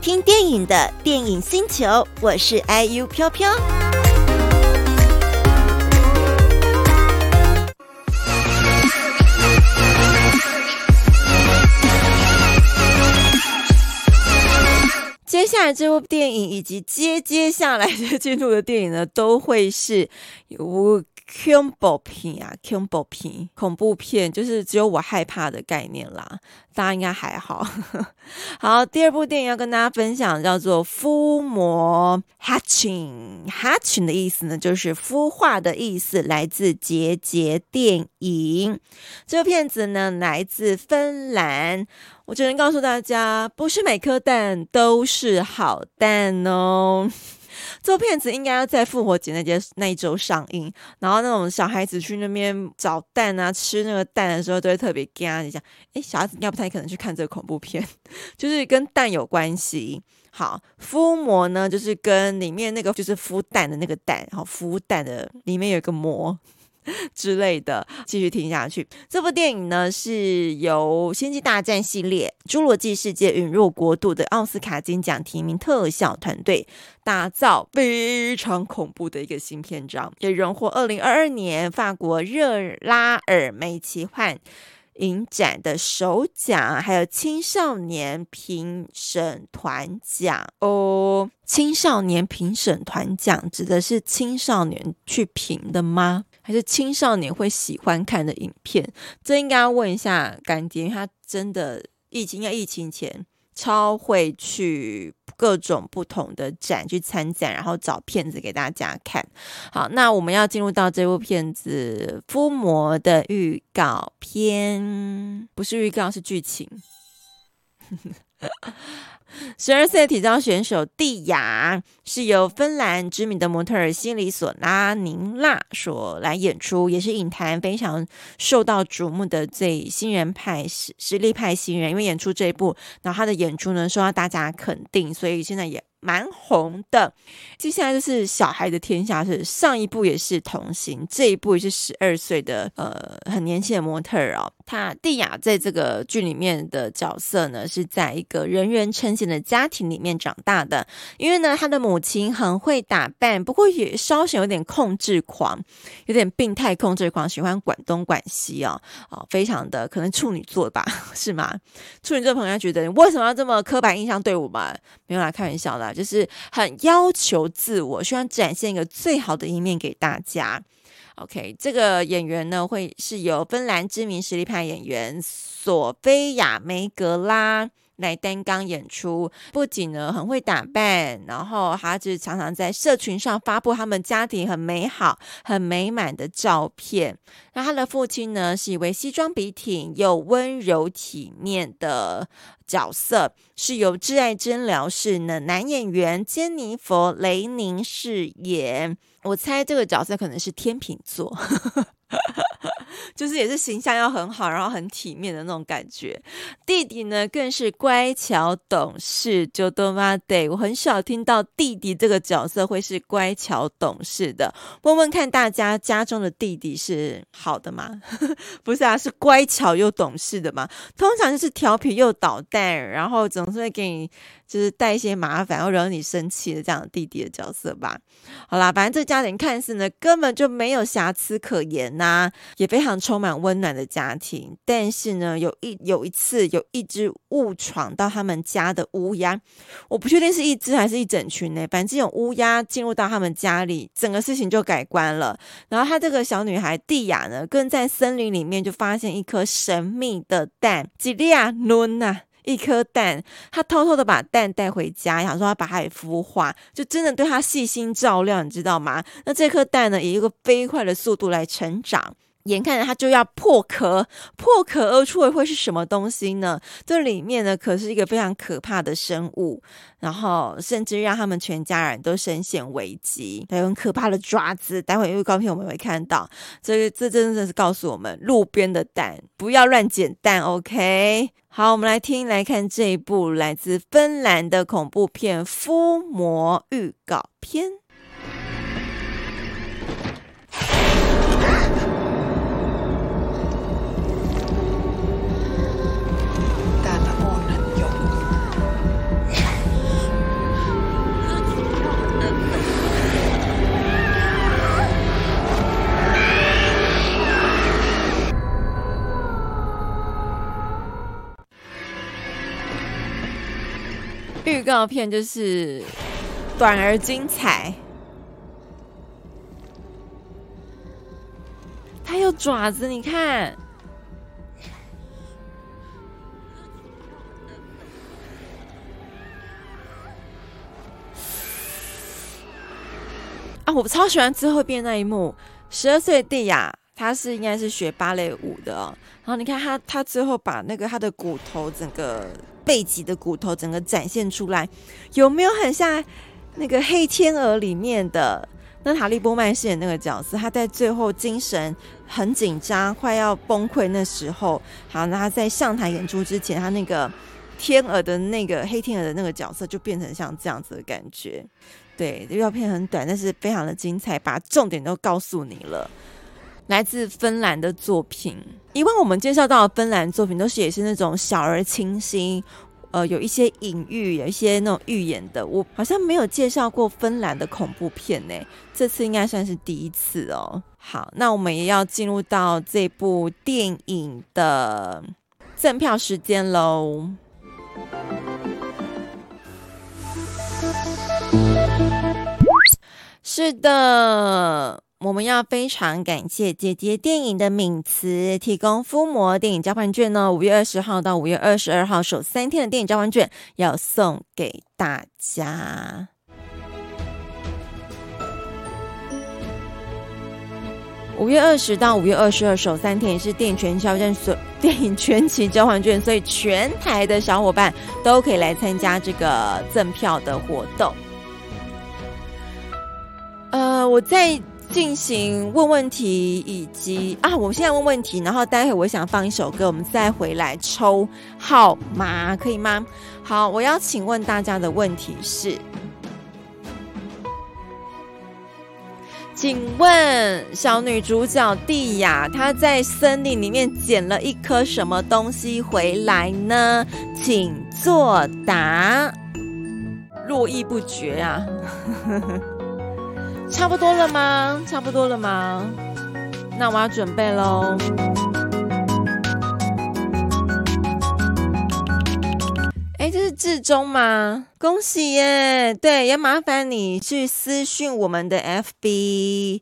聽電影的電影星球，我是 IU 飄飄。接下來這部電影，以及接接下來的進度的電影呢，都會是有。恐怖片啊，恐怖片，恐怖片就是只有我害怕的概念啦，大家應該還好。 好，第二部電影要跟大家分享，叫做《孵膜 h a t c h i n g Hatching 的意思呢，就是孵化的意思，來自杰杰電影。這個片子呢，來自芬蘭。我只能告訴大家，不是每顆蛋都是好蛋哦。這個片子應該要在復活節那節那一周上映，然後那種小孩子去那邊找蛋啊，吃那個蛋的時候都會特別驚。你想，誒、欸，小孩子要不太可能去看這個恐怖片，就是跟蛋有關係。好，孵魔呢，就是跟裡面那個就是孵蛋的那個蛋，好，孵蛋的裡面有一個膜。之類的，繼續聽下去。這部電影呢，是由《星際大戰》系列、《侏羅紀世界》、《隕落國度》的奧斯卡金獎提名特效團隊打造，非常恐怖的一個新篇章，也榮獲二零二二年法國熱拉爾梅奇幻影展的首獎，還有青少年評審團獎哦。Oh, 青少年評審團獎指的是青少年去評的嗎？還是青少年會喜歡看的影片？這應該要問一下乾爹，他真的疫情，在疫情前超會去各種不同的展去參展，然後找片子給大家看。好，那我們要進入到這部片子《孵魔》的預告片，不是預告，是劇情。 十二歲體操選手蒂雅是由芬蘭知名的模特兒西里索拉寧娜所來演出，也是影壇非常受到矚目的最新人派，實實力派新人。因為演出這一部，然後他的演出呢受到大家肯定，所以現在也。蠻紅的。接下來就是《小孩的天下》，是上一部也是童星，這一部也是十二歲的呃很年輕的模特兒哦。她蒂雅在這個劇裡面的角色呢，是在一個人人稱羨的家庭裡面長大的，因為呢她的母親很會打扮，不過也稍顯有點控制狂，有點病態控制狂，喜歡管東管西哦，哦非常的可能處女座吧？是嗎？處女座朋友覺得你為什麼要這麼刻板印象對我嘛？沒有啦，開玩笑的啦。就是很要求自我，希望展現一個最好的一面給大家。OK，這個演員呢，會是由芬蘭知名實力派演員索菲亞梅格拉。來擔綱演出，不僅呢，很會打扮，然後他就是常常在社群上發佈他們家庭很美好、很美滿的照片。那他的父親呢，是一位西裝筆挺又溫柔體面的角色，是由摯愛診療室的男演員杰尼佛·雷寧飾演。我猜這個角色可能是天秤座， 就是也是形象要很好，然後很體面的那種感覺。弟弟呢，更是乖巧懂事。就多媽對我很少聽到弟弟這個角色會是乖巧懂事的。問問看大家，家中的弟弟是好的嗎？ 不是啊，是乖巧又懂事的嗎？通常就是調皮又搗蛋，然後總是會給你就是帶一些麻煩然後惹你生氣的這樣弟弟的角色吧。好啦，反正這家庭看似呢根本就沒有瑕疵可言吶、啊，也非常充滿溫暖的家庭。但是呢，有一有一次有。有一隻誤闖到他們家的烏鴉，我不確定是一隻還是一整群呢、欸。反正這種烏鴉進入到他們家裡，整個事情就改觀了。然後，他這個小女孩蒂雅呢，更在森林裡面就發現一顆神秘的蛋，吉利亞努啊一顆蛋。她偷偷的把蛋帶回家，想說要把它給孵化，就真的對她細心照料，你知道嗎？那這顆蛋呢，以一個飛快的速度來成長。眼看着它就要破殼，破殼而出的會是什麼東西呢？這裡面呢，可是一個非常可怕的生物，然後甚至讓他們全家人都深陷危機。還有很可怕的爪子，待會預告片我們會看到。所以，這真的是告訴我們：路邊的蛋不要亂撿蛋。OK，好，我們來聽來看這一部來自芬蘭的恐怖片《孵魔》預告片。預告片就是短而精彩。它有爪子，你看。啊，我超喜歡最後變那一幕。十二歲的蒂雅，她是應該是學芭蕾舞的，然後你看她，她最後把那個她的骨頭整個。背脊的骨頭整個展現出來，有沒有很像那個《黑天鵝》裡面的娜塔莉波曼飾演那個角色？他在最後精神很緊張，快要崩潰那時候，好，那他在上台演出之前，他那個天鵝的那個黑天鵝的那個角色就變成像這樣子的感覺。對，這個預告片很短，但是非常的精彩，把重點都告訴你了。來自芬蘭的作品，以往我們介紹到的芬蘭作品都是也是那種小而清新，呃，有一些隱喻，有一些那種預言的。我好像沒有介紹過芬蘭的恐怖片呢、欸，這次應該算是第一次哦。好，那我們也要進入到這部電影的贈票時間嘍。是的。我們要非常感謝捷傑電影的敏慈提供《孵魔》電影交換券呢，五月二十號到五月二十二號，首三天的電影交換券要送給大家。五月二十到五月二十二，首三天是電影全票任所電影全期交換券，所以全台的小夥伴都可以來參加這個贈票的活動。呃，我在。進行問問題，以及啊，我現在問問題，然後待會我想放一首歌，我們再回來抽號碼，可以嗎？好，我要請問大家的問題是，請問小女主角蒂雅她在森林裡面撿了一顆什麼東西回來呢？請作答，絡繹不絕啊。 差不多了嗎？差不多了嗎？那我要準備嘍。誒，這是至中嗎？恭喜耶！對，也麻煩你去私訊我們的 FB。